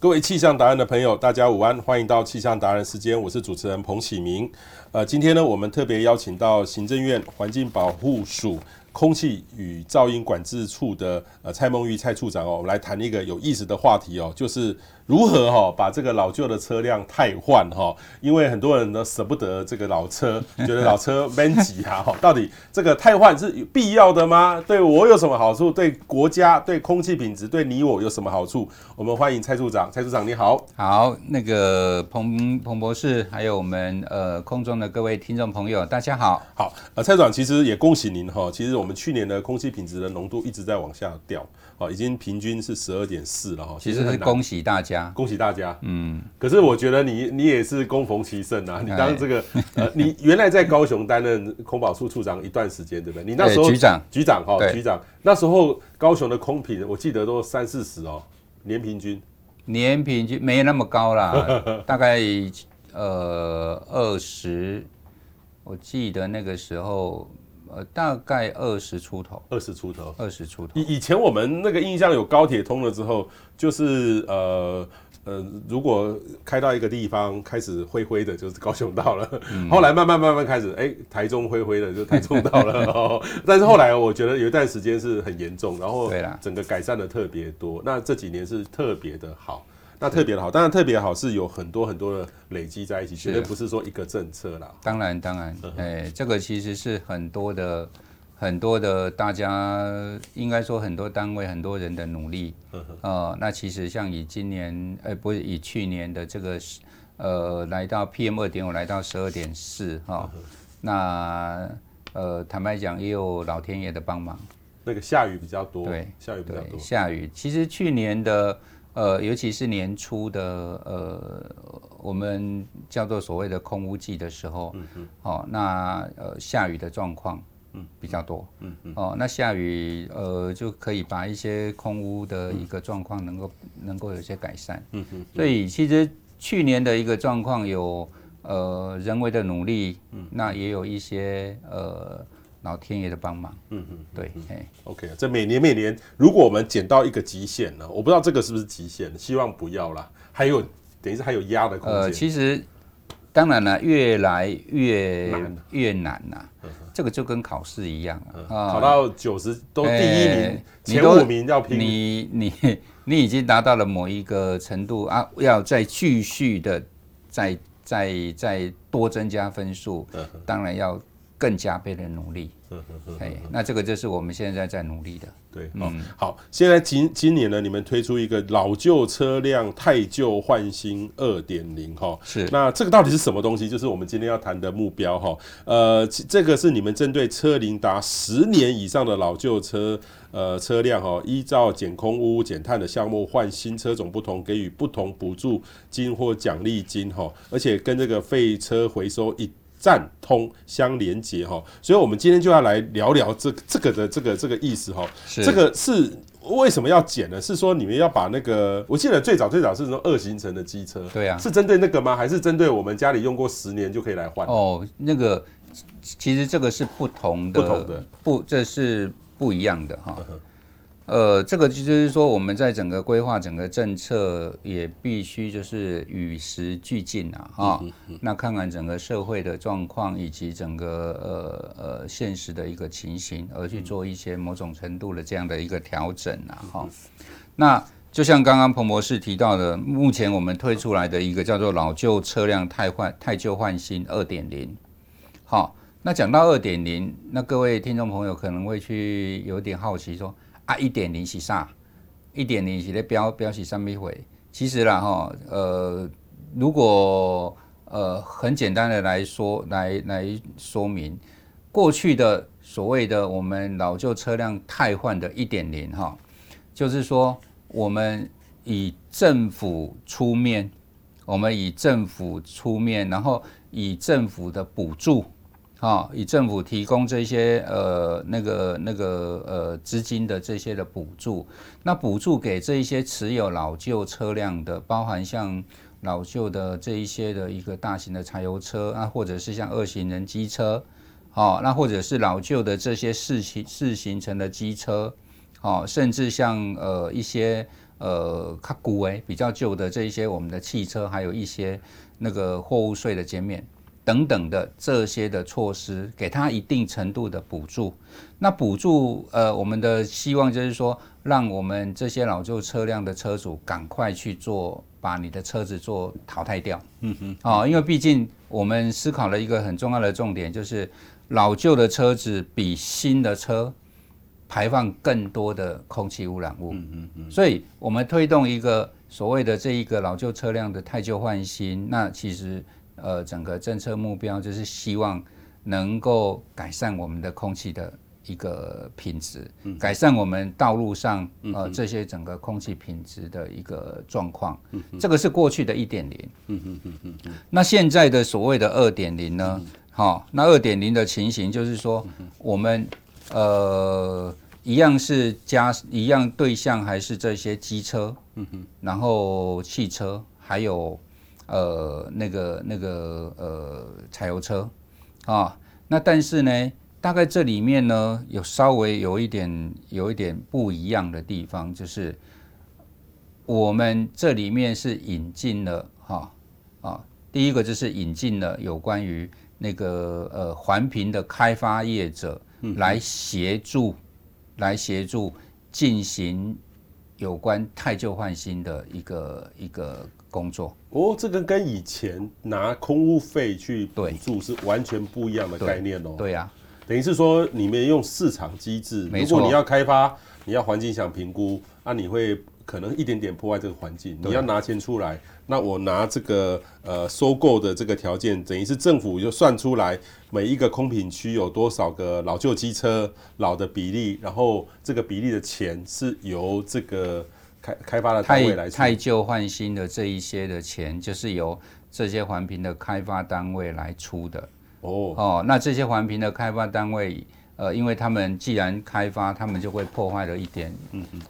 各位氣象達人的朋友，大家午安，歡迎到氣象達人時間，我是主持人彭啟明。呃，今天呢，我們特別邀請到行政院環境保護署。空氣與噪音管制處的呃蔡孟裕蔡處長哦，我們來談一個有意思的話題哦，就是如何哈、哦、把這個老舊的車輛汰換哈，因為很多人都捨不得這個老車，覺得老車 benji 啊， 到底這個汰換是有必要的嗎？對我有什麼好處？對國家、對空氣品質、對你我有什麼好處？我們歡迎蔡處長，蔡處長你好，好，那個彭彭博士，還有我們呃空中的各位聽眾朋友，大家好，好，呃蔡處長其實也恭喜您哈、哦，其實。我們去年的空氣品質的濃度一直在往下掉，啊，已經平均是十二點四了哈。其實是恭喜大家，恭喜大家。嗯，可是我覺得你你也是恭逢其盛啊，你當這個呃， 你原來在高雄擔任空保處處長一段時間，對不對？你那時候對，局長局長哈、喔，局長。那時候高雄的空品，我記得都三四十哦，年平均。年平均沒那麼高啦， 大概呃二十。20，我記得那個時候。呃，大概二十出頭，二十出頭，二十出頭。以以前我們那個印象，有高鐵通了之後，就是呃呃，如果開到一個地方，開始灰灰的，就是高雄到了、嗯。後來慢慢慢慢開始，哎、欸，台中灰灰的就台中到了、 哦。但是後來我覺得有一段時間是很嚴重，然後對啦整個改善的特別多。那這幾年是特別的好。那特別的好，當然特別好是有很多很多的累積在一起，絕對不是說一個政策啦。當然當然，哎、嗯，這個其實是很多的很多的大家應該說很多單位很多人的努力、嗯呃。那其實像以今年，哎、呃，不是以去年的這個，呃，來到 PM 二點五來到十二點四哈，那呃，坦白講也有老天爺的幫忙，那個下雨比較多，對，下雨比較多，下雨。其實去年的。呃，尤其是年初的呃，我們叫做所謂的空污季的時候，嗯哦，那呃下雨的狀況嗯比較多，嗯嗯，哦，那下雨呃就可以把一些空污的一個狀況能夠、嗯、能夠有些改善，嗯所以其實去年的一個狀況有呃人為的努力，嗯，那也有一些呃。老天爺的幫忙，嗯哼嗯哼，對，OK，這每年每年，如果我們減到一個極限了，我不知道這個是不是極限，希望不要了。還有，等於是還有壓的空間。呃，其實當然了、啊，越來越難、啊、越難吶、啊嗯，這個就跟考試一樣啊，嗯、考到九十都第一名、欸，前五名要拼。你你你，你已經達到了某一個程度啊，要再繼續的再再再，再多增加分數、嗯，當然要。更加倍的努力呵呵呵，那這個就是我們現在在努力的。對，嗯，好，現在今今年呢，你們推出一個老舊車輛汰舊換新二點零哈，是，那這個到底是什麼東西？就是我們今天要談的目標哈，呃，這個是你們針對車齡達十年以上的老舊車呃車輛哈，依照減空污、減碳的項目換新車種不同，給予不同補助金或獎勵金哈，而且跟這個廢車回收一。站通相連接哈，所以我們今天就要來聊聊這個這個的這個這個意思哈。這個是為什麼要減呢？是說你們要把那個，我記得最早最早是說二行程的機車，對啊，是針對那個嗎？還是針對我們家裡用過十年就可以來換？哦，那個其實這個是不同的，不同的不，這是不一樣的哈。呃，這個就是說，我們在整個規劃、整個政策也必須就是與時俱進啊，哈、哦嗯。那看看整個社會的狀況以及整個呃呃現實的一個情形，而去做一些某種程度的這樣的一個調整啊，哈、嗯嗯。那就像剛剛彭博士提到的，目前我們推出來的一個叫做“老舊車輛汰換汰舊換新”二點零。好，那講到二點零，那各位聽眾朋友可能會去有點好奇說。啊，一點零是啥？一點零是的標標是三百回。其實啦哈，呃，如果呃很簡單的來說，來來說明過去的所謂的我們老舊車輛汰換的，一點零哈，就是說我們以政府出面，我們以政府出面，然後以政府的補助。啊，以政府提供這些呃那個那個呃資金的這些的補助，那補助給這一些持有老舊車輛的，包含像老舊的這一些的一個大型的柴油車啊，或者是像二行程機車，哦、啊，那或者是老舊的這些四行四行程的機車，哦、啊，甚至像呃一些呃卡古維比較舊的，的這一些我們的汽車，還有一些那個貨物稅的減免。等等的這些的措施，給他一定程度的補助。那補助，呃，我們的希望就是說，讓我們這些老舊車輛的車主趕快去做，把你的車子做淘汰掉。嗯哼。啊、哦，因為畢竟我們思考了一個很重要的重點，就是老舊的車子比新的車排放更多的空氣污染物。嗯嗯嗯。所以我們推動一個所謂的這一個老舊車輛的汰舊換新，那其實。呃，整個政策目標就是希望能夠改善我們的空氣的一個品質，嗯、改善我們道路上、嗯、呃這些整個空氣品質的一個狀況。嗯，這個是過去的一點零。嗯嗯嗯嗯。那現在的所謂的二點零呢？好、嗯哦，那二點零的情形就是說，嗯、我們呃一樣是加一樣對象，還是這些機車？嗯哼。然後汽車還有。呃，那個那個呃，柴油車，啊，那但是呢，大概這裡面呢，有稍微有一點有一點不一樣的地方，就是我們這裡面是引進了哈啊，啊，第一個就是引進了有關於那個呃環評的開發業者來協助、嗯、助，來協助進行有關汰舊換新的一個一個。工作哦，這個跟以前拿空污費去補助是完全不一樣的概念哦。對呀、啊，等於是說你們用市場機制沒錯，如果你要開發，你要環境想評估，那、啊、你會可能一點點破壞這個環境。你要拿錢出來，那我拿這個呃收購的這個條件，等於是政府就算出來每一個空品區有多少個老舊機車老的比例，然後這個比例的錢是由這個。開開發的單位來出，汰舊換新的這一些的錢，就是由這些環評的開發單位來出的。哦、oh. 哦，那這些環評的開發單位，呃，因為他們既然開發，他們就會破壞了一點，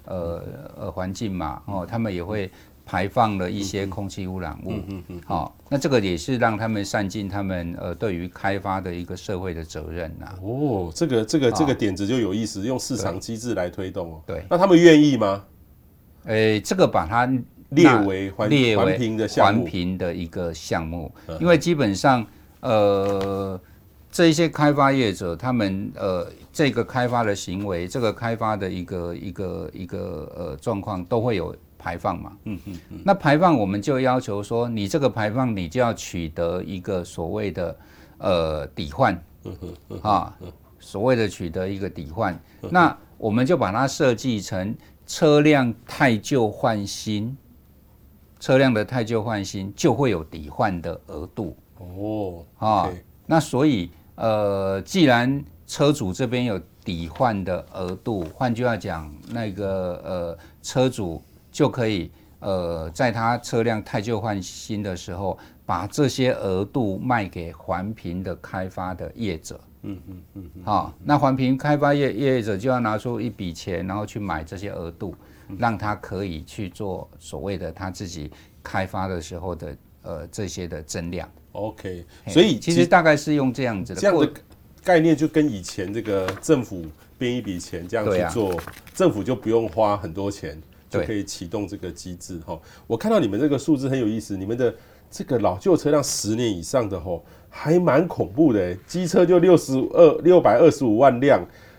呃呃，環境嘛，哦，他們也會排放了一些空氣污染物。嗯嗯，好，那這個也是讓他們善盡他們呃對於開發的一個社會的責任吶、啊。哦、oh. 這個，這個這個這個點子就有意思，oh. 用市場機制來推動哦。對，那他們願意嗎？誒、欸，這個把它列為環列為環評的項目,環評的一個項目呵呵，因為基本上，呃，這一些開發業者他們呃，這個開發的行為，這個開發的一個一個一個呃狀況，都會有排放嘛。嗯呵呵那排放我們就要求說，你這個排放你就要取得一個所謂的呃抵換。嗯哼，啊，所謂的取得一個抵換，那我們就把它設計成。車輛汰舊換新，車輛的汰舊換新就會有抵換的額度哦啊，oh, okay. 那所以呃，既然車主這邊有抵換的額度，換句話講，那個呃，車主就可以呃，在他車輛汰舊換新的時候，把這些額度賣給環評的開發的業者。嗯嗯嗯，好，嗯、那環評開發業業者就要拿出一筆錢，然後去買這些額度，讓他可以去做所謂的他自己開發的時候的呃這些的增量。OK，所以其實大概是用這樣子的這樣的概念，就跟以前這個政府編一筆錢這樣去做，啊，政府就不用花很多錢就可以啟動這個機制哈。我看到你們這個數字很有意思，你們的這個老舊車輛十年以上的吼。還蠻恐怖的，機車就六十二六百二十五萬輛，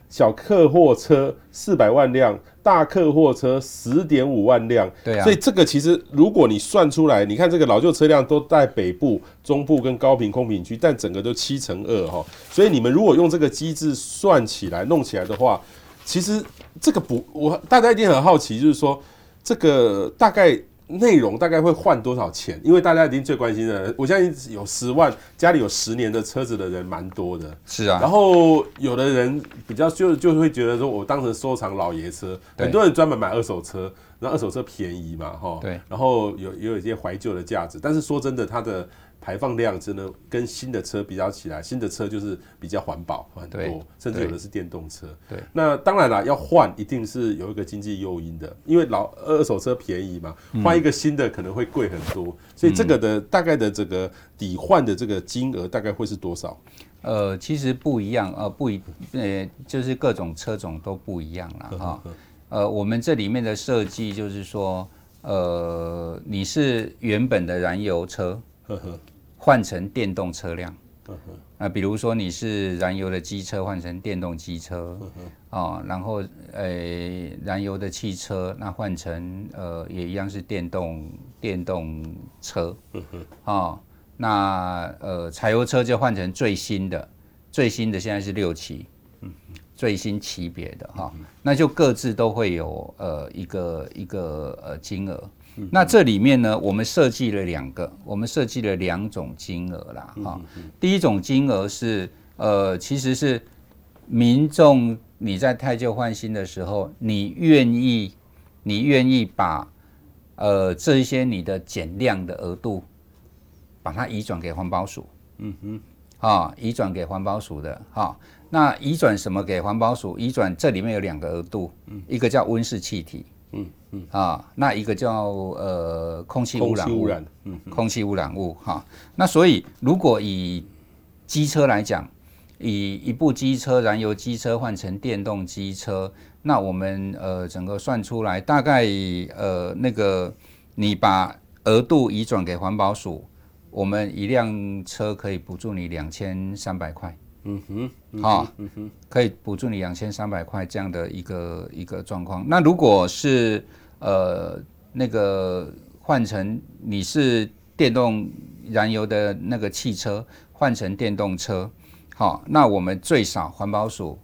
小客貨車四百萬輛，大客貨車十點五萬輛，對啊，所以這個其實如果你算出來，你看這個老舊車輛都在北部、中部跟高屏空品區，但整個都七成二哈、喔，所以你們如果用這個機制算起來弄起來的話，其實這個不，我大家一定很好奇，就是說這個大概。內容大概會換多少錢？因為大家一定最關心的，我相信有十萬家裡有十年的車子的人蠻多的，是啊。然後有的人比較就就會覺得說，我當成收藏老爺車，很多人專門買二手車，那二手車便宜嘛，哈，對，然後有也有一些懷舊的價值，但是說真的，它的。排放量真的跟新的車比較起來，新的車就是比較環保很多，甚至有的是電動車。對，對那當然啦，要換一定是有一個經濟誘因的，因為老二手車便宜嘛，換一個新的可能會貴很多，嗯。所以這個的大概的這個抵換的這個金額大概會是多少？呃，其實不一樣，呃，不一呃，就是各種車種都不一樣啦。呃，我們這裡面的設計就是說，呃，你是原本的燃油車，呵呵。換成電動車輛，那比如說你是燃油的機車換成電動機車，啊、哦，然後呃、欸、燃油的汽車那換成呃也一樣是電動電動車，啊、哦，那呃柴油車就換成最新的，最新的現在是六期，呵呵最新期別的哈、哦，那就各自都會有呃一個一個呃金額。那這裡面呢，我們設計了兩個，我們設計了兩種金額啦，哈、哦嗯。第一種金額是，呃，其實是民眾你在汰舊換新的時候，你願意，你願意把，呃，這些你的減量的額度，把它移轉給環保署。嗯哼。啊、哦，移轉給環保署的，哈、哦。那移轉什麼給環保署？移轉這裡面有兩個額度、嗯，一個叫溫室氣體。嗯嗯啊，那一個叫呃空氣污染物、空氣污染，嗯、空氣污染物哈，啊。那所以如果以機車來講，以一部機車燃油機車換成電動機車，那我們呃整個算出來大概呃，那個你把額度移轉給環保署，我們一輛車可以補助你兩千三百塊。嗯哼，嗯哼，好，嗯哼，可以補助你兩千三百塊這樣的一個一個狀況。那如果是呃那個換成你是電動燃油的那個汽車換成電動車，好，那我們最少環保署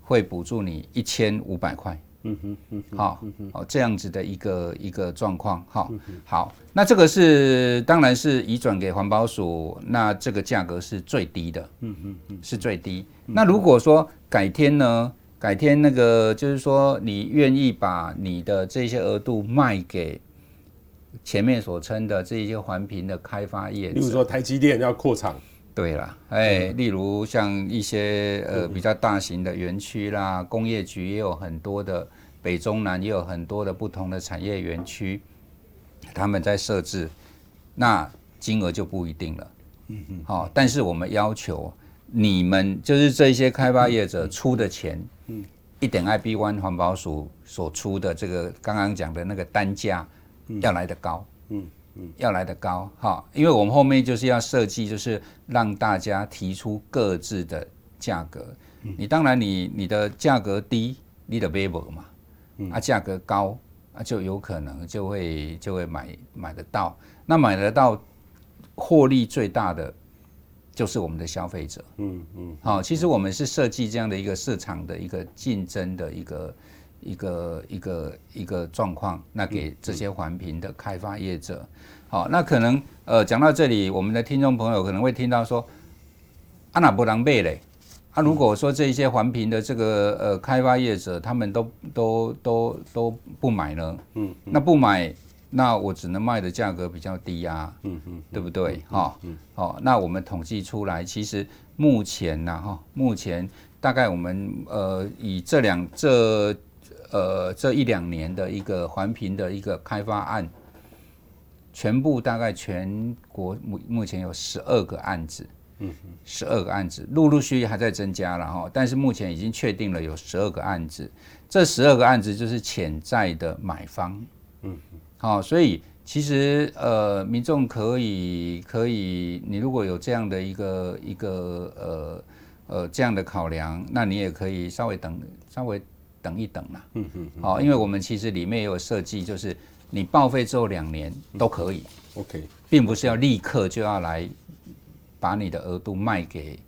會補助你一千五百塊。嗯哼嗯哼，好，哦，這樣子的一個一個狀況，哈，好，那這個是當然是移轉給環保署，那這個價格是最低的，嗯哼嗯哼，是最低、嗯。那如果說改天呢，改天那個就是說你願意把你的這些額度賣給前面所稱的這些環評的開發業，例如說台積電要擴廠。對啦，哎、欸嗯，例如像一些呃比較大型的園區啦、嗯，工業局也有很多的。北中南也有很多的不同的產業園區，啊，他們在設置，那金額就不一定了。嗯嗯。好，但是我們要求你們就是這些開發業者出的錢，嗯，嗯，一定比環保署所出的這個剛剛講的那個單價要來得高。嗯嗯，嗯。要來得高，哈，因為我們後面就是要設計，就是讓大家提出各自的價格，嗯。你當然你，你你的價格低，你的 value 嘛。啊，價格高啊，就有可能就會就會買買得到。那買得到獲利最大的就是我們的消費者。嗯嗯。好，其實我們是設計這樣的一個市場的一個競爭的一個一個一個一個狀況，那給這些環評的開發業者。好，那可能呃講到這裡，我們的聽眾朋友可能會聽到說，啊那沒人買嘞。那、啊、如果說這一些環評的這個呃開發業者他們都都都都不買呢？嗯，嗯，那不買，那我只能賣的價格比較低啊，嗯哼、嗯嗯，對不對？哈、哦嗯，嗯，哦，那我們統計出來，其實目前吶、啊，哈、哦，目前大概我們呃以這兩這呃這一兩年的一個環評的一個開發案，全部大概全國目目前有十二個案子。嗯哼，十二個案子陸陸續續還在增加，然後但是目前已經確定了有十二個案子，這十二個案子就是潛在的買方。嗯哼，好，喔，所以其實呃，民眾可以可以，你如果有這樣的一個一個呃呃這樣的考量，那你也可以稍微等稍微等一等啦。嗯哼，好，喔，因為我們其實裡面也有設計，就是你報廢之後兩年都可以，嗯哼，OK，並不是要立刻就要來。把你的額度賣給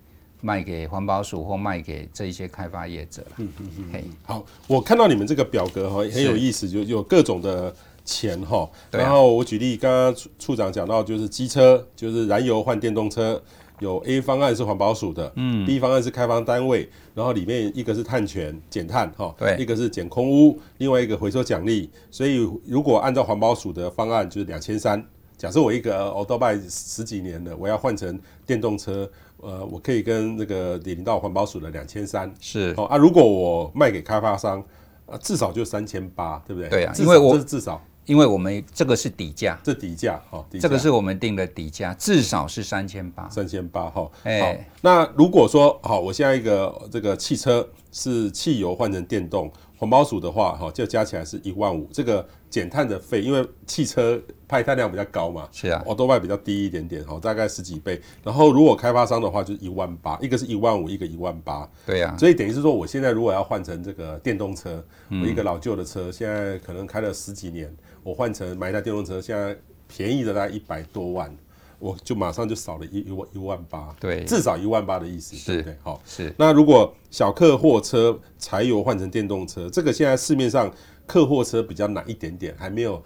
賣給環保署或賣給這一些開發業者了、嗯。嗯嗯嗯、hey。好，我看到你們這個表格哈很有意思，就有各種的錢哈。然後我舉例，剛剛處長講到就是機車，就是燃油換電動車，有 A 方案是環保署的，嗯。B 方案是開發單位，然後裡面一個是碳權減碳哈，對。一個是減空污，另外一個回收獎勵。所以如果按照環保署的方案，就是兩千三。假設我一個歐兜拜十幾年的，我要換成電動車，呃，我可以跟那個領到環保署的兩千三是哦，啊，如果我賣給開發商，呃，至少就三千八，對不對？對啊，因為我這是至少，因為我們這個是底價，這底價哦，底價，這個是我們定的底價，至少是三千八，三千八哈，哎，那如果說，好，我現在一個這個汽車是汽油換成電動。紅包鼠的話，哈就加起來是一萬五。這個減碳的費，因為汽車排碳量比較高嘛，是啊，歐都外比較低一點點，哈，大概十幾倍。然後如果開發商的話，就一萬八，一個是一萬五，一個一萬八，對呀、啊。所以等於是說，我現在如果要換成這個電動車，我一個老舊的車，現在可能開了十幾年，我換成買一台電動車，現在便宜的大概一百多萬。我就馬上就少了一一萬,一萬八，對，至少一萬八的意思，對不對？好，是。那如果小客貨車柴油換成電動車，這個現在市面上客貨車比較難一點點，還沒有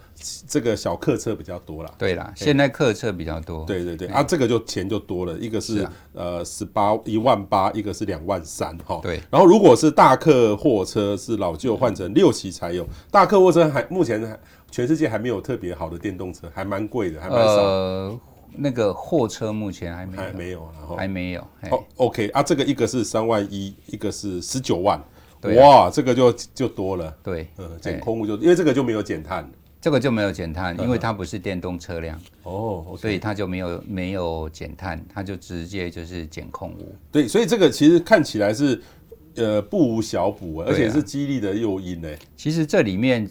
這個小客車比較多了。對啦，對，現在客車比較多。對對對，對啊，這個就，就錢就多了，一個是呃十八一萬八，一個是兩萬三，哈、啊呃喔。對。然後如果是大客貨車是老舊換成六期柴油，大客貨車還目前還全世界還沒有特別好的電動車，還蠻貴的，還蠻少。呃那個貨車目前還沒有，還沒有，然後還沒有。O、oh, K、okay. 啊，這個一個是三萬一，一個是十九萬，哇、啊，wow, 這個就就多了。對，減、嗯、空污就，因為這個就沒有減碳，這個就沒有減碳、嗯，因為它不是電動車輛。哦、嗯，所以它就沒有沒有減碳，它就直接就是減空污，對，所以這個其實看起來是呃不無小補、啊，而且是激勵的誘因嘞。其實這裡面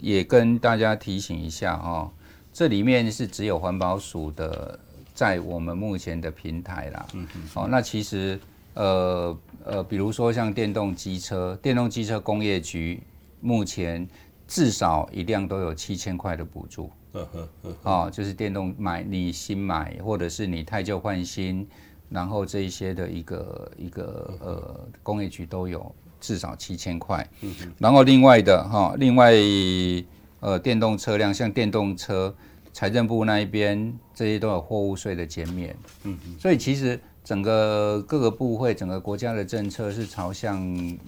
也跟大家提醒一下啊、哦。這裡面是只有環保署的在我們目前的平台啦。嗯哼。哦，那其實呃呃，比如說像電動機車，電動機車工業局目前至少一輛都有七千塊的補助。嗯哼嗯。哦，就是電動買你新買或者是你汰舊換新，然後這一些的一個一個呃工業局都有至少七千塊。嗯哼。然後另外的哈、哦，另外。呃，電動車輛像電動車，財政部那一邊這些都有貨物稅的減免。嗯嗯。所以其實整個各個部會、整個國家的政策是朝向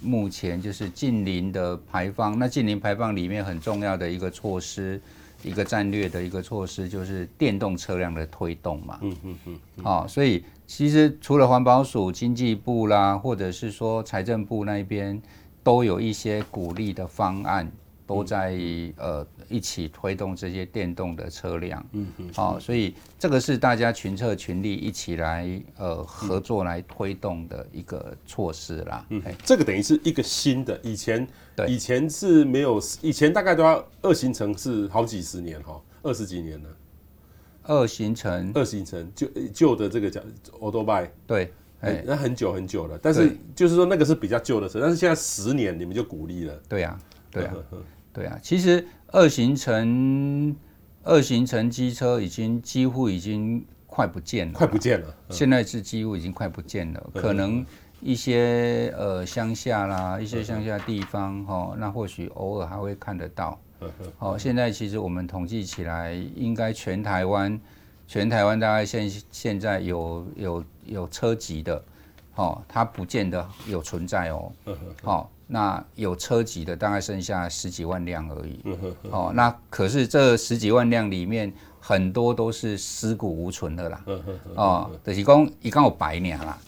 目前就是淨零的排放。那淨零排放裡面很重要的一個措施、一個戰略的一個措施就是電動車輛的推動嘛。嗯嗯嗯。好、嗯哦，所以其實除了環保署、經濟部啦，或者是說財政部那一邊，都有一些鼓勵的方案。都在呃一起推動這些電動的車輛，嗯好、哦，所以這個是大家群策群力一起來呃合作來推動的一個措施啦，嗯、欸，這個等於是一個新的，以前對，以前是沒有，以前大概都要二行程，是好幾十年哈，二十幾年了。二行程，二行程，就舊的這個叫 o 都拜對，哎、欸欸，那很久很久了，但是就是說那個是比較舊的車，但是現在十年你們就鼓勵了，對呀、啊，對、啊。呵呵對啊，其實二行程、二行程機車已經幾乎已經快不見了，快不見了呵呵。現在是幾乎已經快不見了，呵呵可能一些呃鄉下啦，一些鄉下地方哈、哦，那或許偶爾還會看得到呵呵。哦，現在其實我們統計起來，應該全台灣、全台灣大概現現在有有有車籍的，哦，它不見得有存在哦。好。哦那有車籍的大概剩下十幾萬輛而已，哦，那可是這十幾萬輛裡面很多都是屍骨無存的啦，哦，德喜公一告白年啦，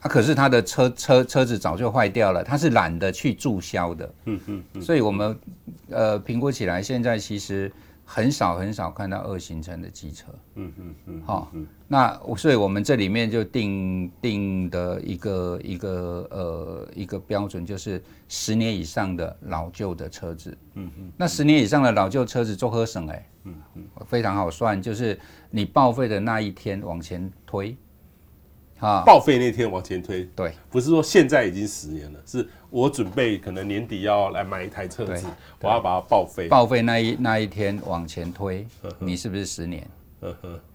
啊，可是他的車車車子早就壞掉了，他是懶得去註銷的，所以我們呃評估起來，現在其實。很少很少看到二行程的機車，嗯嗯嗯，好、嗯，那所以我們這裡面就定定的一個一個呃一個標準，就是十年以上的老舊的車子，嗯嗯，那十年以上的老舊車子做核省、欸？哎，嗯嗯，嗯，非常好算，就是你報廢的那一天往前推。啊！報廢那天往前推，對，不是說現在已經十年了，是我準備可能年底要來買一台車子，啊、我要把它報廢。報廢那一那一天往前推呵呵，你是不是十年？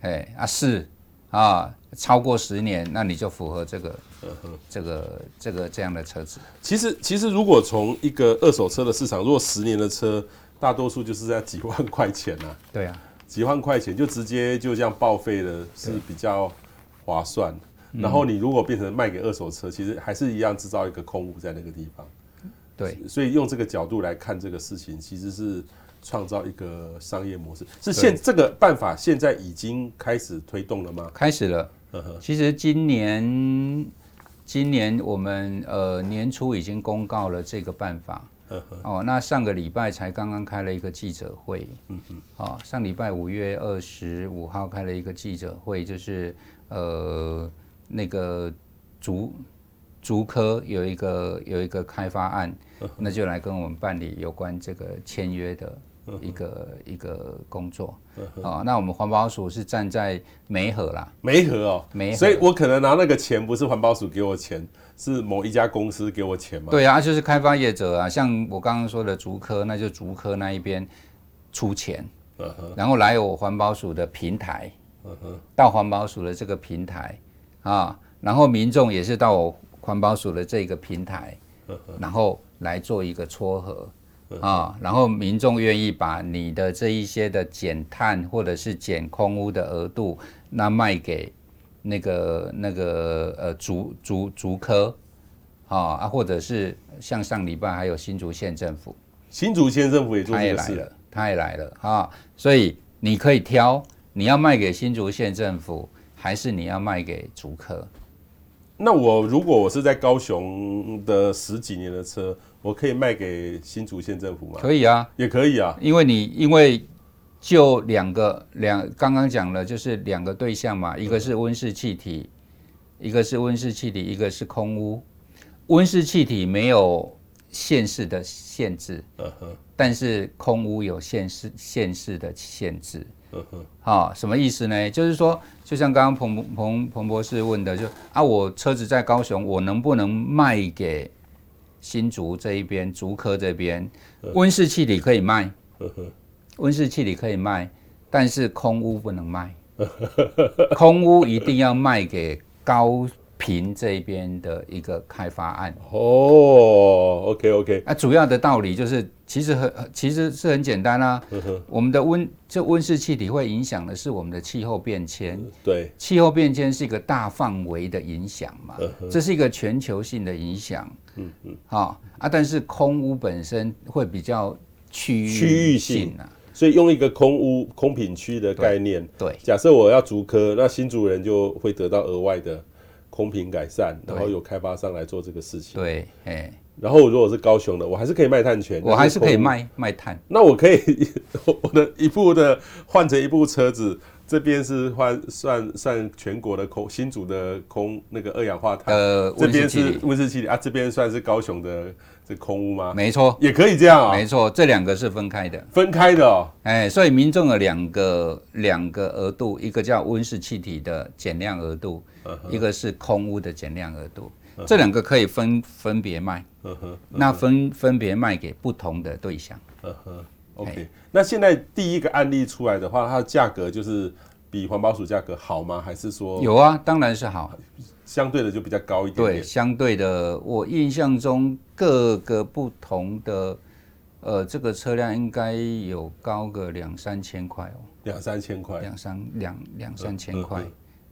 哎啊是啊，超過十年那你就符合這個，呵呵這個這個這樣的車子。其實其實如果從一個二手車的市場，如果十年的車大多數就是在幾萬塊錢呢、啊？對啊，幾萬塊錢就直接就這樣報廢了是比較划算。然後你如果變成賣給二手車，其實還是一樣製造一個空屋在那個地方，對。所以用這個角度來看這個事情，其實是創造一個商業模式。是現這個辦法現在已經開始推動了嗎？開始了。嗯哼。其實今年，今年我們呃年初已經公告了這個辦法。嗯哼。哦，那上個禮拜才剛剛開了一個記者會。嗯嗯。哦，上禮拜五月二十五號開了一個記者會，就是呃。那個竹竹科，有一個有一個開發案，那就來跟我們辦理有關這個簽約的一個、嗯、一個工作、嗯、啊。那我們環保署是站在媒合啦，媒合哦，媒合。所以我可能拿那個錢不是環保署給我錢，是某一家公司給我錢嘛？對啊，就是開發業者啊，像我剛剛說的竹科，那就竹科那一邊出錢，嗯，然後來我環保署的平台，嗯、到環保署的這個平台。啊，然後民眾也是到我環保署的這個平台，然後來做一個撮合啊，然後民眾願意把你的這一些的減碳或者是減空污的額度，那賣給那個那個呃竹竹竹科。啊啊，或者是像上禮拜還有新竹縣政府，新竹縣政府也做這個事，他也、啊、來了，他也來了啊，所以你可以挑，你要賣給新竹縣政府，還是你要賣給主客？那我如果我是在高雄的十幾年的車，我可以賣給新竹縣政府嗎？可以啊，也可以啊，因為你因為就兩個兩剛剛講了，就是兩個對象嘛，一個是溫室氣體、嗯，一個是溫室氣體，一個是空污。溫室氣體沒有縣市的限制，嗯，但是空污有縣市縣市的限制。好、哦，什麼意思呢？就是說，就像剛剛彭彭彭博士問的，就啊，我車子在高雄，我能不能賣給新竹這一邊、竹科這邊？溫室氣體可以賣，溫室氣體可以賣，但是空污不能賣，空污一定要賣給高。平這邊的一個開發案哦、oh,，OK OK，那、啊、主要的道理就是其實很其實是很簡單啦、啊嗯。我們的溫這溫室氣體會影響的是我們的氣候變遷，對，氣候變遷是一個大範圍的影響嘛，嗯，這是一個全球性的影響。嗯嗯，好啊，但是空污本身會比較區域性啊域性，所以用一個空污空品區的概念，對，對假設我要竹科，那新竹人就會得到額外的。空品改善，然後有開發商來做這個事情。對，哎，然後如果是高雄的，我還是可以賣碳權，我還是可以賣賣碳。那我可以，我我的一部的換成一部車子。這邊是算算算全國的空新組的空那個二氧化碳呃，這邊是溫室氣體、溫室氣體啊，這邊算是高雄的這空污嗎？沒錯，也可以這樣啊，喔。沒錯，這兩個是分開的，分開的哦，喔。哎，欸，所以民眾有兩個兩個額度，一個叫溫室氣體的減量額度，uh -huh. 一個是空污的減量額度，uh -huh. 這兩個可以分分別賣，uh -huh. 那分分別賣給不同的對象。Uh -huh. OK，那現在第一個案例出來的話，它的價格就是比環保署價格好嗎？還是說點點有啊？當然是好，相對的就比較高一點，點。對，相對的，我印象中各個不同的，呃，這個車輛應該有高個兩三千塊哦，兩三千塊，兩三兩兩三千塊，哎、嗯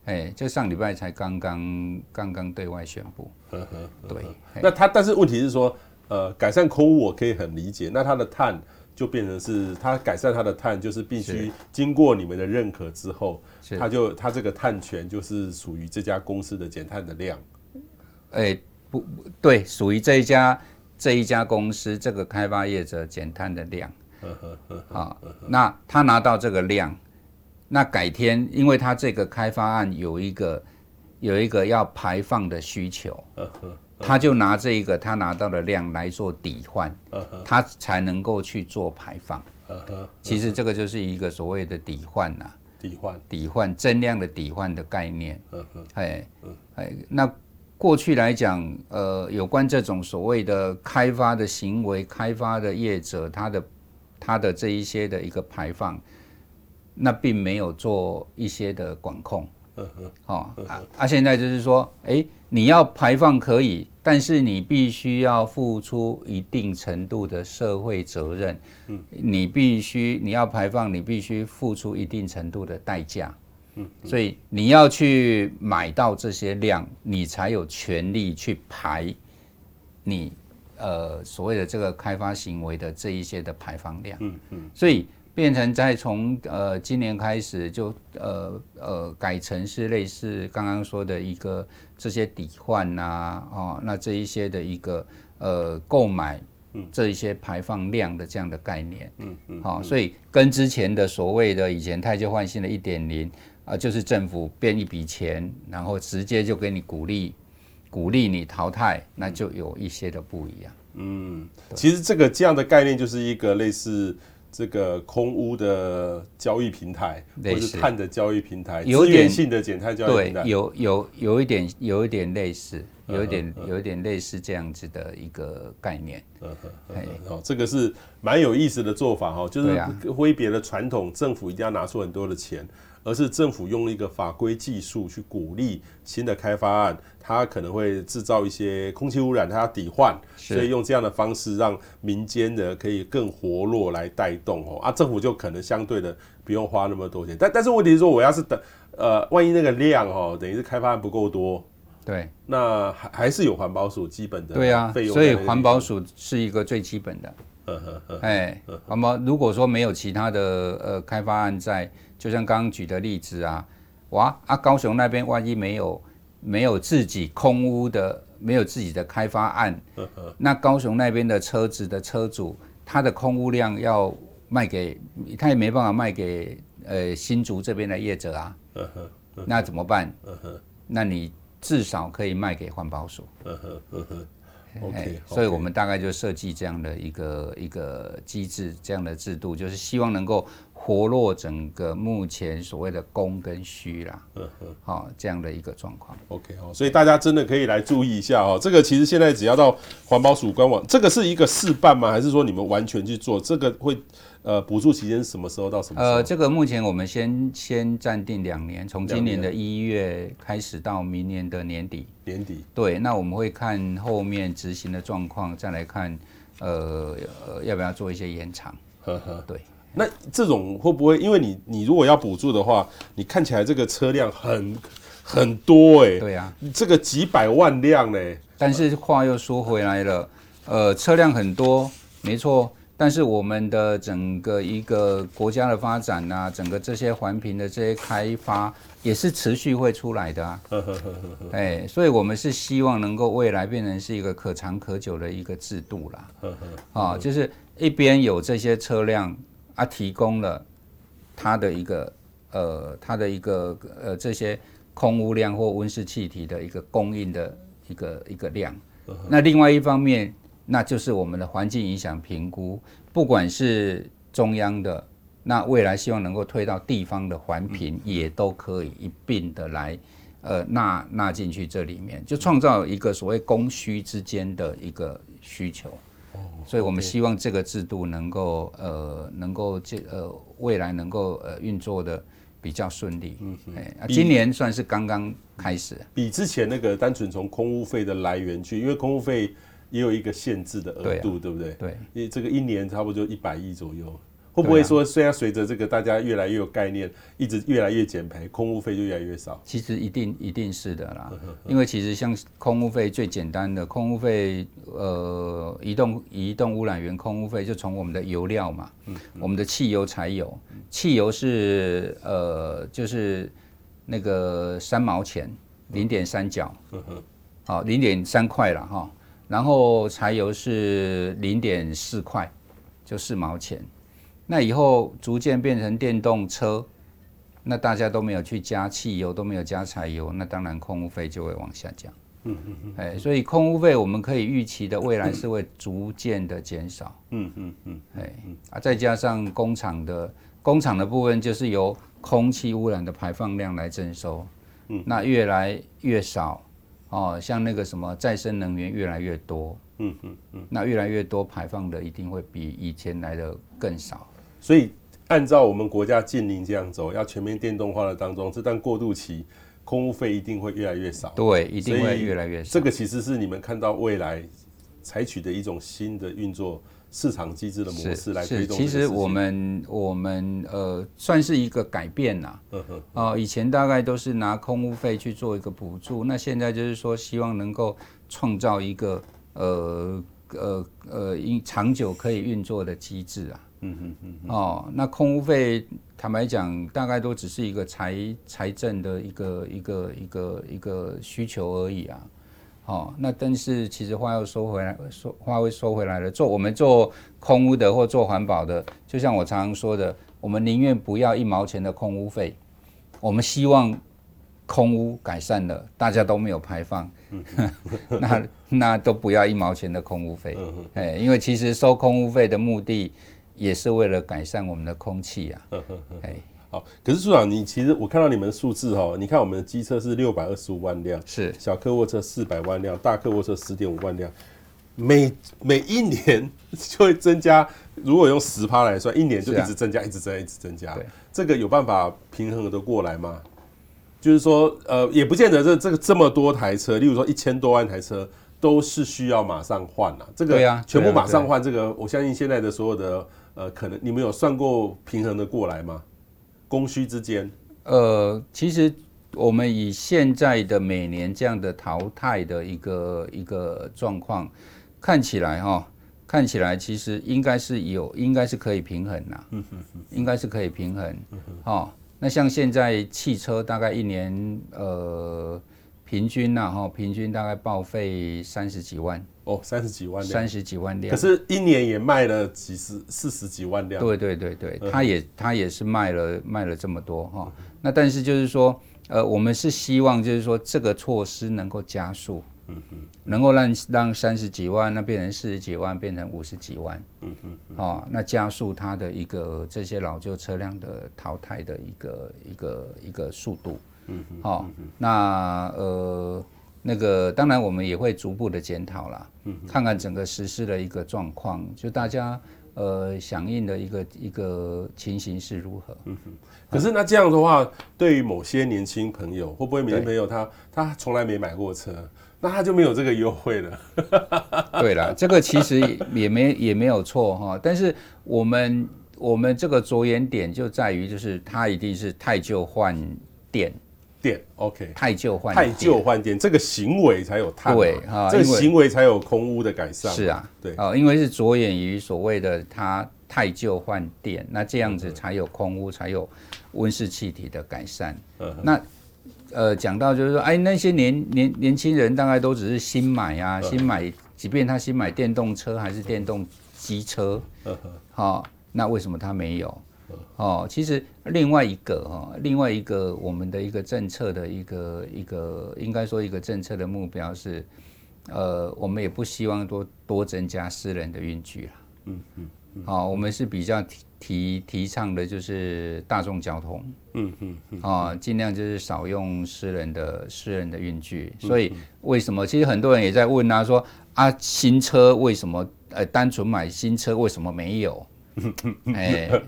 嗯嗯，就上禮拜才剛剛剛剛對外宣布。呵、嗯、呵、嗯嗯，對。那它但是問題是說，呃，改善空污我可以很理解，那它的碳。就變成是他改善他的碳，就是必須經過你們的認可之後，他就他這個碳權就是屬於這家公司的減碳的量，欸。哎，不，不對，屬於這一家這一家公司這個開發業者減碳的量，呵呵呵呵呵。那他拿到這個量，那改天因為他這個開發案有一個有一個要排放的需求。呵呵他就拿這一個他拿到的量來做抵換，uh -huh. 他才能夠去做排放。Uh -huh. Uh -huh. 其實這個就是一個所謂的抵換吶、啊，抵換，抵換增量的抵換的概念。Uh -huh. hey, uh -huh. hey, hey, 那過去來講，呃，有關這種所謂的開發的行為，開發的業者，他的他的這一些的一個排放，那並沒有做一些的管控。哦、uh -huh.，uh -huh. oh, uh -huh. 啊，現在就是說，哎、欸。你要排放可以，但是你必須要付出一定程度的社會責任。嗯，你必須，你要排放，你必須付出一定程度的代價。嗯嗯。所以你要去買到這些量，你才有權利去排你呃所謂的這個開發行為的這一些的排放量。嗯嗯，所以。變成再從呃今年開始，就呃呃改成是類似剛剛說的一個這些抵換啊哦，那這一些的一個呃購買這一些排放量的這樣的概念，嗯、哦、嗯好、嗯，所以跟之前的所謂的以前汰舊換新的一點零啊，就是政府編一筆錢，然後直接就給你鼓勵鼓勵你淘汰，那就有一些的不一樣。嗯，其實這個這樣的概念就是一個類似。這個空污的交易平台，或是碳的交易平台，資源性的減碳交易平台，有有有一點有一點類似，有一點嗯哼嗯哼有一點類似這樣子的一個概念。嗯，哼嗯哼，哎、嗯，這個是蠻有意思的做法哈，就是揮別了傳統政府一定要拿出很多的錢。而是政府用一個法規技術去鼓勵新的開發案，它可能會制造一些空氣污染，它要抵換，所以用這樣的方式讓民間的可以更活絡來帶動哦，啊，政府就可能相對的不用花那麼多錢，但但是問題是說，我要是等呃，萬一那個量哦、呃，等於是開發案不夠多，對，那還還是有環保署基本的啊對啊費用，所以環保署是一個最基本的，嗯嗯嗯，哎，環保，如果說沒有其他的呃開發案在。就像剛剛舉的例子啊，哇啊高雄那邊萬一沒有沒有自己空屋的，沒有自己的開發案，那高雄那邊的車子的車主，他的空屋量要賣給，他也沒辦法賣給呃新竹這邊的業者啊，那怎麼辦？那你至少可以賣給環保署。Okay, okay. 所以我們大概就設計這樣的一個一個機制，這樣的制度，就是希望能夠。活絡整個目前所謂的供跟需啦，嗯嗯，好、哦、這樣的一個狀況。OK 哦，所以大家真的可以來注意一下哦。這個其實現在只要到環保署官網，這個是一個試辦嗎？還是說你們完全去做？這個會呃，補助期間是什麼時候到什麼時候？呃，這個目前我們先先暫定兩年，從今年的一月開始到明年的年底。年底。對，那我們會看後面執行的狀況，再來看呃，呃要不要做一些延長。呵、嗯、呵、嗯，對。那這種會不會？因為你你如果要補助的話，你看起來這個車輛很很多哎、欸，對呀，這個幾百萬輛嘞。但是話又說回來了，呃，車輛很多，沒錯。但是我們的整個一個國家的發展吶、啊，整個這些環評的這些開發也是持續會出來的啊。呵呵呵呵哎，所以我們是希望能夠未來變成是一個可長可久的一個制度啦。呵呵啊，就是一邊有這些車輛。它、啊、提供了它的一個呃，它的一個呃，這些空污量或溫室氣體的一個供應的一個一個量。Uh-huh. 那另外一方面，那就是我們的環境影響評估，不管是中央的，那未來希望能夠推到地方的環評，也都可以一併的來呃納納進去這裡面，就創造一個所謂供需之間的一個需求。所以，我們希望這個制度能夠，呃，能夠這，呃，未來能夠，呃，運作的比較順利。啊、今年算是剛剛開始。比，比之前那個單純從空污費的來源去，因為空污費也有一個限制的額度，啊、對不對？對，這個一年差不多就一百億左右。會不會說，雖然隨着這個大家越來越有概念，一直越來越減排，空污費就越來越少？其實一定一定是的啦，因為其實像空污費最簡單的空污費，呃，移動移動污染源空污費就從我們的油料嘛、嗯嗯，我們的汽油、柴油，汽油是呃就是那個三毛錢，零點三角，好、嗯，零點三塊了哈，然後柴油是零點四塊，就四毛錢。那以後逐漸變成電動車，那大家都沒有去加汽油，都沒有加柴油，那當然空污費就會往下降。嗯嗯。哎，嗯欸，所以空污費我們可以預期的未來是會逐漸的減少。嗯嗯嗯。哎，嗯欸，啊，再加上工廠的工廠的部分，就是由空氣污染的排放量來徵收。嗯。那越來越少哦，像那個什麼再生能源越來越多。嗯嗯嗯。那越來越多排放的，一定會比以前來的更少。所以，按照我們國家淨零這樣走，要全面電動化的當中，這段過渡期空污費一定會越來越少。對，一定會越來越少。這個其實是你們看到未來採取的一種新的運作市場機制的模式來推動。其實我們我們呃算是一個改變吶。嗯哼嗯。哦、呃，以前大概都是拿空污費去做一個補助，那現在就是說希望能夠創造一個呃。呃呃，長、呃、長久可以運作的機制啊，嗯哼嗯，哦，那空污費，坦白講，大概都只是一個財財政的一個一個一個一個需求而已啊。哦，那但是其實話又說回來，說話又說回來了，做我們做空污的或做環保的，就像我常常說的，我們寧願不要一毛錢的空污費，我們希望空污改善了，大家都沒有排放。 那那都不要一毛錢的空污費，哎、嗯，因為其實收空污費的目的也是為了改善我們的空氣呀、啊。哎、嗯，好，可是處長，你其實我看到你們的數字哈，你看我們的機車是六百二十五萬輛，是小客貨車四百萬輛，大客貨車十點五萬輛，每每一年就會增加，如果用十趴來算，一年就一直增加，啊、一直一直增加，一直增加，這個有辦法平衡的過來嗎？就是說，呃，也不見得這這個這麼多台車，例如說一千多萬台車，都是需要馬上換啊。這個，對呀、啊，全部馬上換這個、啊，我相信現在的所有的呃，可能你們有算過平衡的過來嗎？供需之間，呃，其實我們以現在的每年這樣的淘汰的一個一個狀況，看起來哈，看起來其實應該是有，應該是可以平衡哼， 應該是可以平衡，好。 那像現在汽車大概一年，呃，平均吶、啊、哈，平均大概報廢三十幾萬哦，三十幾萬輛，三十幾萬輛。可是，一年也賣了幾十四十幾萬輛。對對對對，它、嗯、也它也是賣了賣了這麼多哈。那但是就是說，呃，我們是希望就是說這個措施能夠加速。嗯嗯，能夠讓讓三十幾萬那變成四十幾萬，變成五十幾萬，嗯嗯，哦，那加速它的一個這些老舊車輛的淘汰的一個一個一個速度，嗯哼，好，那呃那個當然我們也會逐步的檢討啦，嗯，看看整個實施的一個狀況，就大家呃響應的一個一個情形是如何，嗯哼，可是那這樣的話，嗯、對於某些年輕朋友，會不會年輕朋友他他從來沒買過車？那他就沒有這個優惠了。對了，這個其實也沒也沒有錯哈。但是我們我們這個着眼點就在於，就是它一定是汰舊換電，電 OK 汰舊換電。汰舊換汰舊換電，這個行為才有碳，對哈，這個行為才有空污的改善。是啊，對哦，因為是着眼於所謂的它汰舊換電，那這樣子才有空污，才有溫室氣體的改善。嗯，那。呃，講到就是說，哎，那些年年年輕人大概都只是新買啊，新買，即便他新買電動車還是電動機車，好、哦，那為什麼他沒有？哦，其實另外一個哈、哦，另外一個我們的一個政策的一個一個，應該說一個政策的目標是，呃，我們也不希望多多增加私人的運具啊嗯嗯，好、嗯嗯哦，我們是比較。提提倡的就是大眾交通，嗯嗯，嗯啊，盡量就是少用私人的私人的運具。所以為什麼、嗯嗯？其實很多人也在問他、啊、說啊新車為什麼？呃，單純買新車為什麼沒有？哎、嗯嗯欸、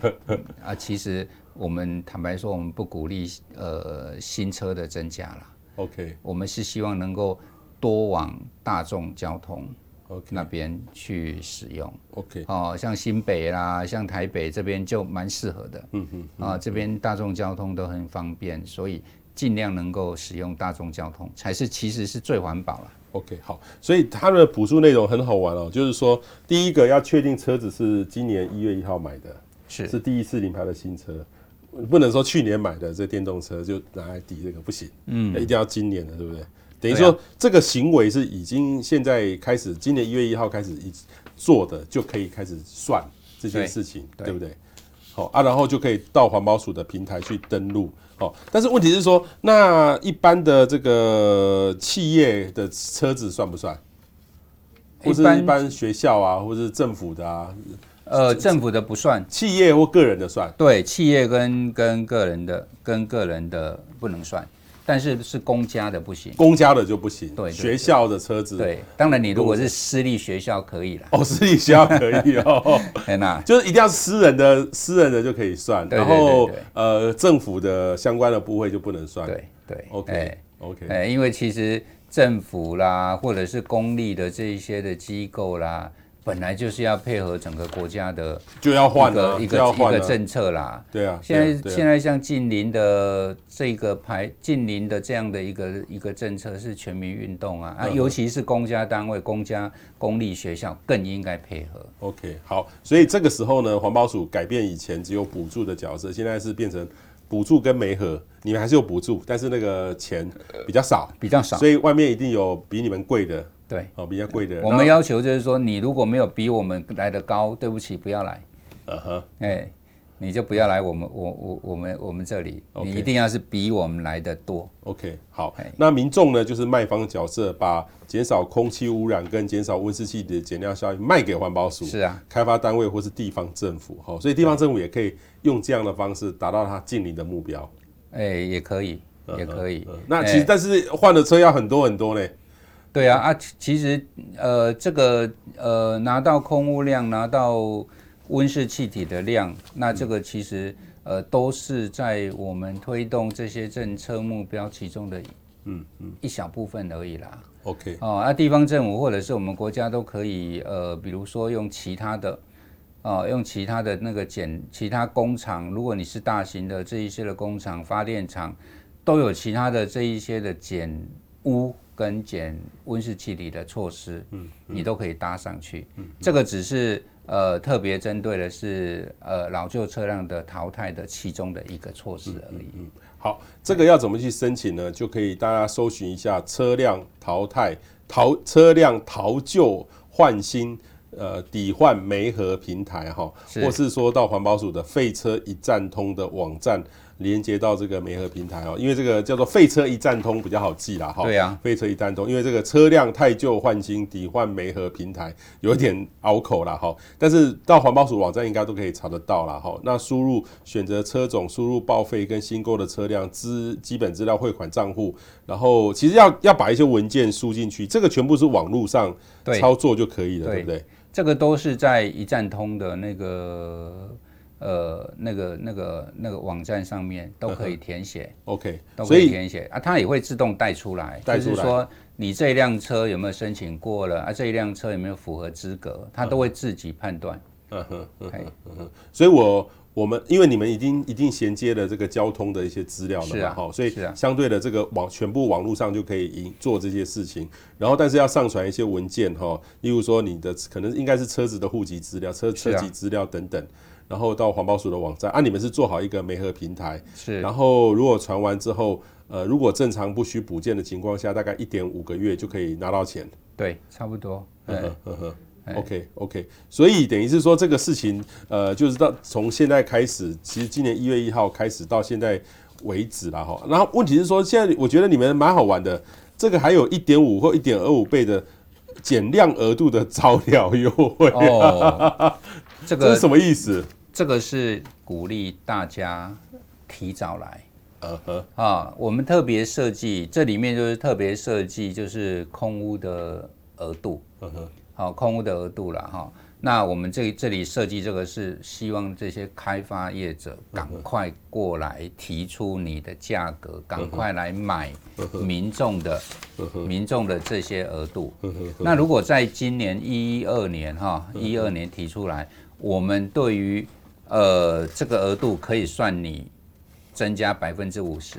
啊，其實我們坦白說，我們不鼓勵呃新車的增加了。OK，我們是希望能夠多往大眾交通。Okay. 那邊去使用，OK，哦，像新北啦，啊，像台北這邊就蠻適合的，嗯哼，嗯嗯，啊，這邊大眾交通都很方便，所以盡量能夠使用大眾交通才是，其實是最環保了，啊。OK，好，所以它的補助內容很好玩哦，就是說，第一個要確定車子是今年一月一號買的，是是第一次領牌的新車，不能說去年買的這電動車就拿來抵這個不行，嗯，一定要今年的，對不對？等於說，這個行為是已經現在開始，今年一月一號開始做的，就可以開始算這件事情，對對，對不對？好啊，然後就可以到環保署的平台去登錄。好，但是問題是說，那一般的這個企業的車子算不算？一般，一般學校啊，或者是政府的啊？呃，政府的不算，企業或個人的算？對，企業跟跟個人的，跟個人的不能算。但是是公家的不行，公家的就不行。對，對，對，學校的車子。對，當然你如果是私立學校可以啦。哦，私立學校可以 哦。天吶，就是一定要私人的， 私人的就可以算。對 然後對對對對呃，政府的相關的部會就不能算。對對，對，OK，欸、OK、欸。因為其實政府啦，或者是公立的這一些的機構啦。本來就是要配合整個國家的一個就要換了一個要一個政策啦。對啊。現在、啊啊啊、現在像淨零的這個排淨零的這樣的一個一個政策是全民運動啊、嗯、啊，尤其是公家單位、公家公立學校更應該配合。OK，好，所以這個時候呢，環保署改變以前只有補助的角色，現在是變成補助跟媒合，你們還是有補助，但是那個錢比較少、呃，比較少，所以外面一定有比你們貴的。對，哦，比較貴的。我們要求就是說，你如果沒有比我們來的高，對不起，不要來。哎、uh -huh. 欸，你就不要來我們我我我們我們這裡。Okay. 你一定要是比我們來的多。OK，好。欸、那民眾呢，就是賣方角色，把減少空氣污染，跟減少溫室氣體減量效益賣給環保署。是啊。開發單位或是地方政府，哦、所以地方政府也可以用這樣的方式達到它淨零的目標。哎、欸，也可以，uh -huh. 也可以。Uh -huh. 欸、那其實，但是換的車要很多很多呢？對啊，啊，其實，呃，這個，呃，拿到空污量，拿到溫室氣體的量，那這個其實，呃，都是在我們推動這些政策目標其中的，嗯嗯，一小部分而已啦。OK。啊，哦，那地方政府或者是我們國家都可以，呃，比如說用其他的，啊，用其他的那個減，其他工廠，如果你是大型的這一些的工廠、發電廠，都有其他的這一些的減污，跟減溫室氣體的措施，嗯，你都可以搭上去嗯。嗯，這個只是呃，特別針對的是呃，老舊車輛的淘汰的其中的一個措施而已，嗯嗯嗯。嗯，好，這個要怎麼去申請呢？就可以大家搜尋一下車輛淘汰淘車輛汰舊換新呃抵換媒合平台哈，是或是說到環保署的廢車一站通的網站。連接到這個媒合平台哦，因為這個叫做“廢車一站通”比較好記啦，哈、啊。對呀，廢車一站通，因為這個車輛太舊換新，抵換媒合平台有一點拗口啦，哈。但是到環保署網站應該都可以查得到啦，哈。那輸入選擇車種，輸入報廢跟新購的車輛資基本資料、匯款賬戶，然後其實要要把一些文件輸進去，這個全部是網絡上操作就可以了，對，對不對，對？這個都是在一站通的那個。呃，那個、那個、那個網站上面都可以填寫、嗯，OK，都可以填寫啊，它也會自動帶出來。帶出來。就是說，你這一輛車有沒有申請過了啊？這一輛車有沒有符合資格、嗯？它都會自己判斷。嗯哼，可、okay、嗯，嗯哼。所以我我們因為你們已經已經銜接了這個交通的一些資料了對，好、啊哦，所以相對的這個網、啊、全部網絡上就可以做這些事情。然後，但是要上傳一些文件哈、哦，例如說你的可能應該是車子的戶籍資料、車車籍資料等等。然後到環保署的網站，啊，你們是做好一個媒合平台，是。然後如果傳完之後，呃，如果正常不需補件的情況下，大概一點五個月就可以拿到錢。對，差不多。嗯哼，OK，OK。呵呵 okay, okay. 所以等於是說這個事情，呃，就是到從現在開始，其實今年一月一號開始到現在為止了哈。然後問題是說，現在我覺得你們蠻好玩的，這個還有一點五或一點二五倍的減量額度的早鳥優惠，哦、 這個是什麼意思？這個這個是鼓勵大家提早來，呃呵，啊，我們特別設計，這裡面就是特別設計，就是空污的額度，呃呵，好，空污的額度了哈、啊。那我們這這裡設計這個是希望這些開發業者趕快過來提出你的價格，趕快來買民眾的、uh -huh. 民眾的這些額度。Uh -huh. 那如果在今年一一二年哈，一、啊、二、uh -huh. 年提出來，我們對於呃，這個額度可以算你增加百分之五十，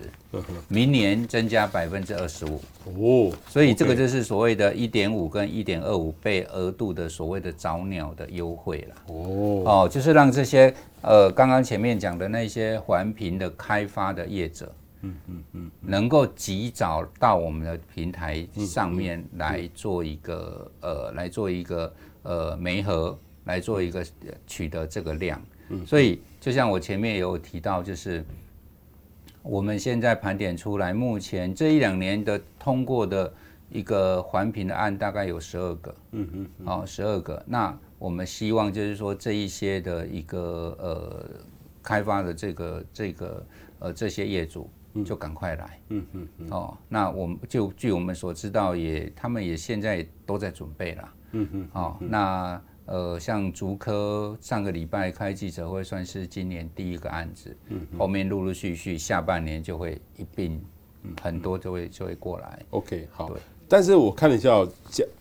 明年增加百分之二十五哦，oh, okay. 所以這個就是所謂的一點五跟一點二五倍額度的所謂的早鳥的優惠了哦、oh. 呃、就是讓這些呃剛剛前面講的那些環評的開發的業者，嗯嗯嗯，能夠及早到我們的平台上面來做一個呃來做一個呃媒合來做一個取得這個量。所以，就像我前面也有提到，就是我們現在盤點出來，目前這一兩年的通過的一個環評的案，大概有十二個。嗯嗯。哦，十二個。那我們希望就是說，這一些的一個呃開發的這個這個呃這些業主就趕快來。嗯嗯。哦，那我們就據我們所知道，也他們也現在都在準備了。嗯嗯，哦，那。呃，像竹科上個禮拜開記者會，算是今年第一個案子。嗯，後面陸陸續續下半年就會一併，很多就會、嗯、就會過來。OK，好。但是我看了一下，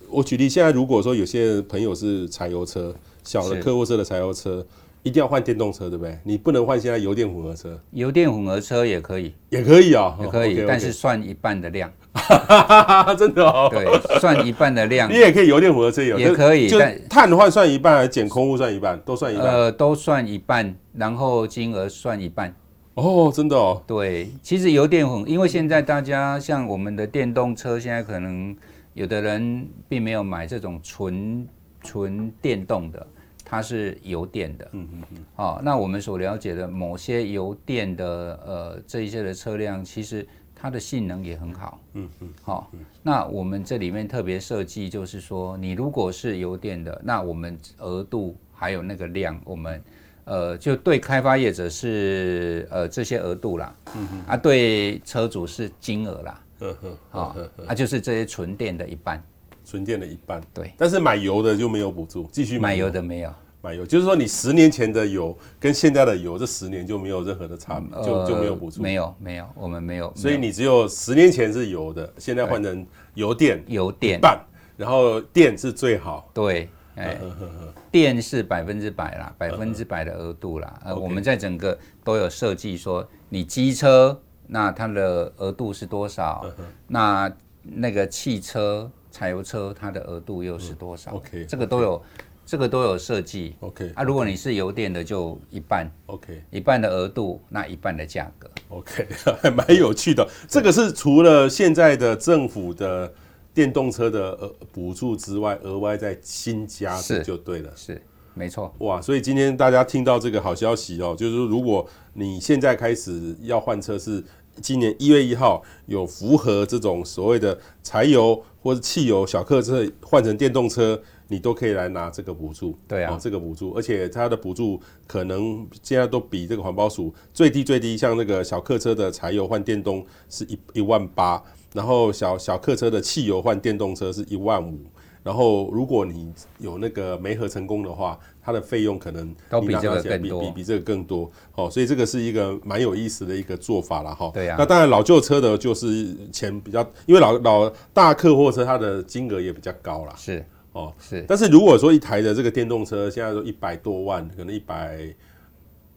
我舉例現在如果說有些朋友是柴油車，小的客貨車的柴油車，一定要換電動車，對不對？你不能換現在油電混合車。油電混合車也可以。也可以啊、哦，也可以，oh, okay, okay. 但是算一半的量。 真的哦？對，算一半的量， 你也可以油電混合車有也可以，可就碳換算一半，還減空污算一半，都算一半，呃，都算一半，然後金額算一半。哦，真的哦？對，其實油電混，因為現在大家像我們的電動車，現在可能有的人並沒有買這種純純電動的，它是油電的，嗯嗯嗯，哦，那我們所了解的某些油電的呃這一些的車輛，其實。它的性能也很好，嗯嗯，好，那我們這裡面特別設計，就是說你如果是油電的，那我們額度還有那個量，我們，呃，就對開發業者是呃這些額度啦，嗯嗯，啊，對車主是金額啦，嗯哼，好，嗯嗯嗯嗯，啊就是這些純電的一半，純電的一半，對，但是買油的就沒有補助，繼、嗯、續買油，買油的沒有。買油就是說，你十年前的油跟現在的油，這十年就沒有任何的差嘛，呃，就就沒有補助，沒有沒有，我們沒有，所以你只有十年前是油的，現在換成油電，油電半，然後電是最好，對，哎、嗯嗯嗯嗯，電是百分之百啦，嗯、百分之百的額度啦，嗯、呃、OK，我們在整個都有設計說你機，你機車那它的額度是多少、嗯嗯，那那個汽車柴油車它的額度又是多少，嗯、OK，這個都有。OK 這個都有設計，OK。啊，如果你是油電的，就一半，OK。一半的額度，那一半的價格，OK。還蠻有趣的，這個是除了現在的政府的電動車的額補助之外，額外再新加的，就對了，是，是沒錯。哇，所以今天大家聽到這個好消息哦、喔，就是如果你現在開始要換車，是今年一月一號有符合這種所謂的柴油或者汽油小客車換成電動車。你都可以來拿這個補助，對啊，哦、這個補助，而且它的補助可能現在都比這個環保署最低最低，像那個小客車的柴油換電動是一一萬八，然後小小客車的汽油換電動車是一萬五，然後如果你有那個媒合成功的話，它的費用可能比都比較更多，比比比這個更多，哦，所以這個是一個蠻有意思的一個做法了哈、哦，對啊，那當然老舊車的就是錢比較，因為老老大客貨車它的金額也比較高啦。是。哦，是，但是如果說一台的這個電動車現在都一百多萬，可能一百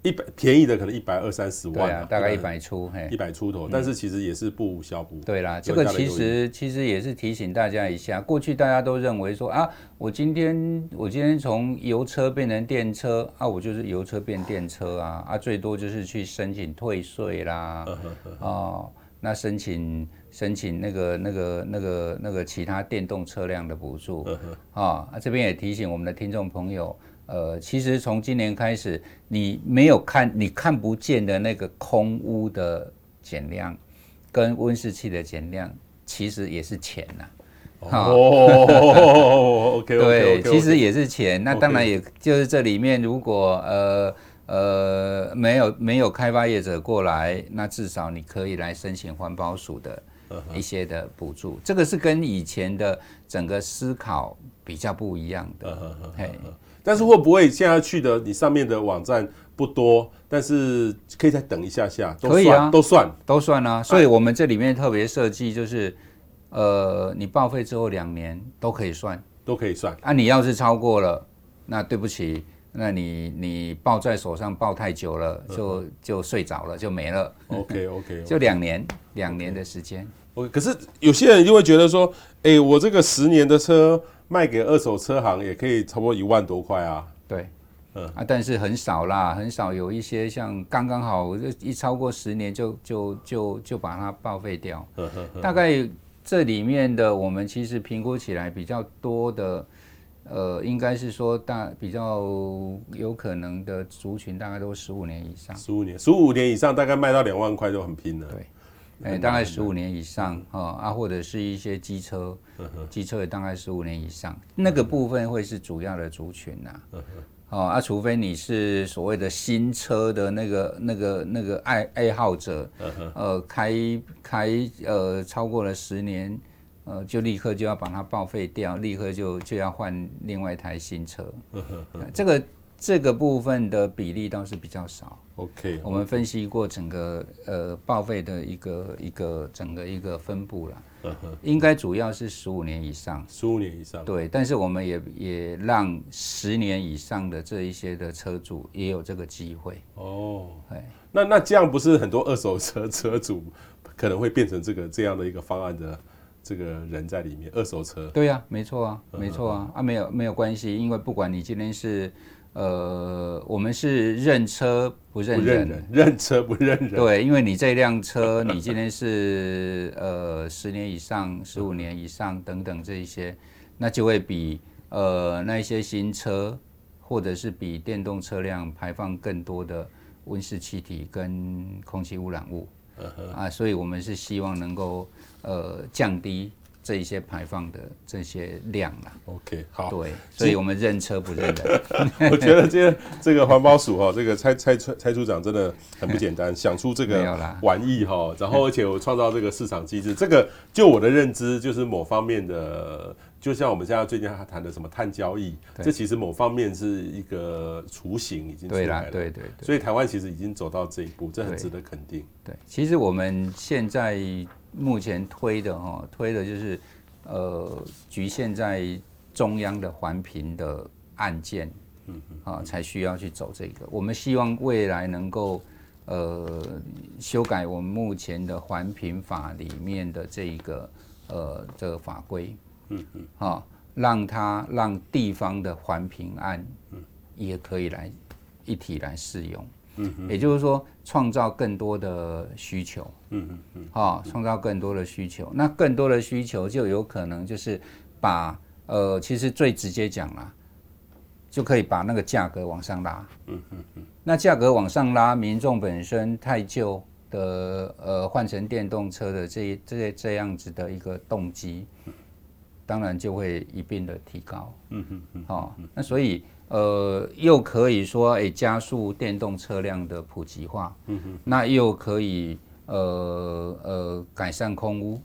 一百便宜的可能一百二三十萬，對啊，大概一百出，一百，嘿，一百出頭，嗯，但是其實也是不無小補。對啦，這個其實其實也是提醒大家一下，過去大家都認為說啊，我今天我今天從油車變成電車啊，我就是油車變電車啊，啊最多就是去申請退稅啦，啊、哦，那申請。申請那個、那個、那個、那個其他電動車輛的補助呵呵、哦、啊！這邊也提醒我們的聽眾朋友，呃，其實從今年開始，你沒有看、你看不見的那個空污的減量跟溫室氣的減量，其實也是錢吶、啊。哦哦，哦，哦 okay, okay, okay, okay, okay. 對，其實也是錢。那當然，也就是這裡面，如果、okay. 呃呃沒有沒有開發業者過來，那至少你可以來申請環保署的。一些的補助，這個是跟以前的整個思考比較不一樣的。但是會不會現在去的你上面的網站不多，但是可以再等一下下，都可以啊，都算都算啊。所以我們這裡面特別設計就是，呃，你報廢之後兩年都可以算，都可以算。啊，你要是超過了，那對不起。那你你抱在手上抱太久了，就就睡着了，就沒了。OK OK， 就兩年兩年的時間。o、okay. okay, 可是有些人就會覺得說，誒、欸，我這個十年的車賣給二手車行也可以差不多一萬多塊啊。對，嗯啊，但是很少啦，很少有一些像剛剛好我這一超過十年就就就就把它報廢掉呵呵呵。大概這裡面的我們其實評估起來比較多的。呃，應該是說，大比較有可能的族群，大概都十五年以上。十五年，十五年以上，大概賣到兩萬塊就很拼了。對，哎、欸，大概十五年以上啊、嗯、啊，或者是一些機車，機車也大概十五年以上，那個部分會是主要的族群啊。哦啊，除非你是所謂的新車的那個那個那個愛愛好者，呵呵呃，開開呃超過了十年。呃，就立刻就要把它報廢掉，立刻就就要換另外一台新車。 這個這個部分的比例倒是比較少。OK，我們分析過整個呃報廢的一個一個整個一個分布了。 應該主要是十五年以上。十五年以上。對，但是我們也也讓十年以上的這一些的車主也有這個機會。哦，哎，那那這樣不是很多二手車車主可能會變成這個這樣的一個方案的。這個人在裡面，二手車。對呀，沒錯啊，沒錯啊，沒啊、嗯，啊，沒有沒有關係，因為不管你今天是，呃，我們是認車不認，不認人，認車不認人。對，因為你這輛車，你今天是呃十年以上、十五年以上等等這一些，那就會比呃那一些新車，或者是比電動車輛排放更多的溫室氣體跟空氣污染物。Uh -huh. 啊，所以，我們是希望能夠，呃，降低這些排放的這些量啦。OK，好，對，所以我們認車不認人。 我覺得這這個環保署哈、喔，這個蔡蔡蔡蔡處長真的很不簡單， 想出這個玩意，哈、喔，然後而且我創造這個市場機制， 這個就我的認知就是某方面的。就像我們現在最近還談的什麼碳交易，這其實某方面是一個雛形已經出來了，對對，對，對。所以台灣其實已經走到這一步，這很值得肯定。對，對，其實我們現在目前推的哈，推的就是呃局限在中央的環評的案件，嗯、呃、嗯，啊才需要去走這個。我們希望未來能夠呃修改我們目前的環評法裡面的這一個呃這個法規。嗯嗯，好，讓他讓地方的環評案，也可以來一體來適用。嗯，也就是說，創造更多的需求。嗯嗯嗯，好，創造更多的需求，那更多的需求就有可能就是把呃，其實最直接講啦，就可以把那個價格往上拉。嗯嗯嗯，那價格往上拉，民眾本身太舊的呃換成電動車的這這這樣子的一個動機。當然就會一併的提高，嗯哼，哼，好、哦，那所以呃又可以說，哎、欸，加速電動車輛的普及化，嗯哼，那又可以呃呃改善空污。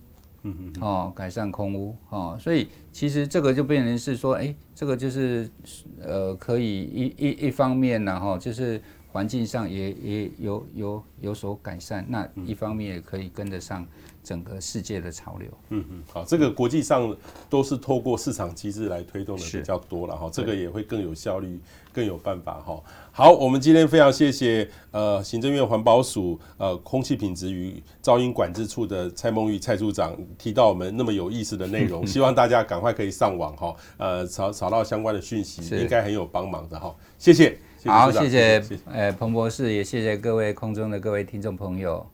嗯哼，哼，哦，改善空污。哦，所以其實這個就變成是說，哎、欸，這個就是呃可以一一一方面呢、啊，哈、哦，就是環境上也也有有有，有所改善，那一方面也可以跟得上。嗯整個世界的潮流，嗯嗯，好，這個國際上都是透過市場機制來推動的比較多了哈，這個也會更有效率、更有辦法哈。好，我們今天非常謝謝、呃、行政院環保署、呃、空氣品質與噪音管制處的蔡孟裕蔡處長提到我們那麼有意思的內容，希望大家趕快可以上網哈，呃找找到相關的訊息，應該很有幫忙的哈。謝謝，好，謝謝、呃，彭博士謝謝也謝謝各位空中的各位聽眾朋友。